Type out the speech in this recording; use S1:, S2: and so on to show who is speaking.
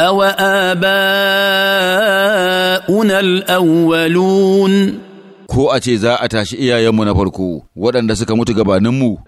S1: أوآباؤنا الأولون ko a ce za a tashi iyayenmu na farko waɗanda suka mutu gabaninmu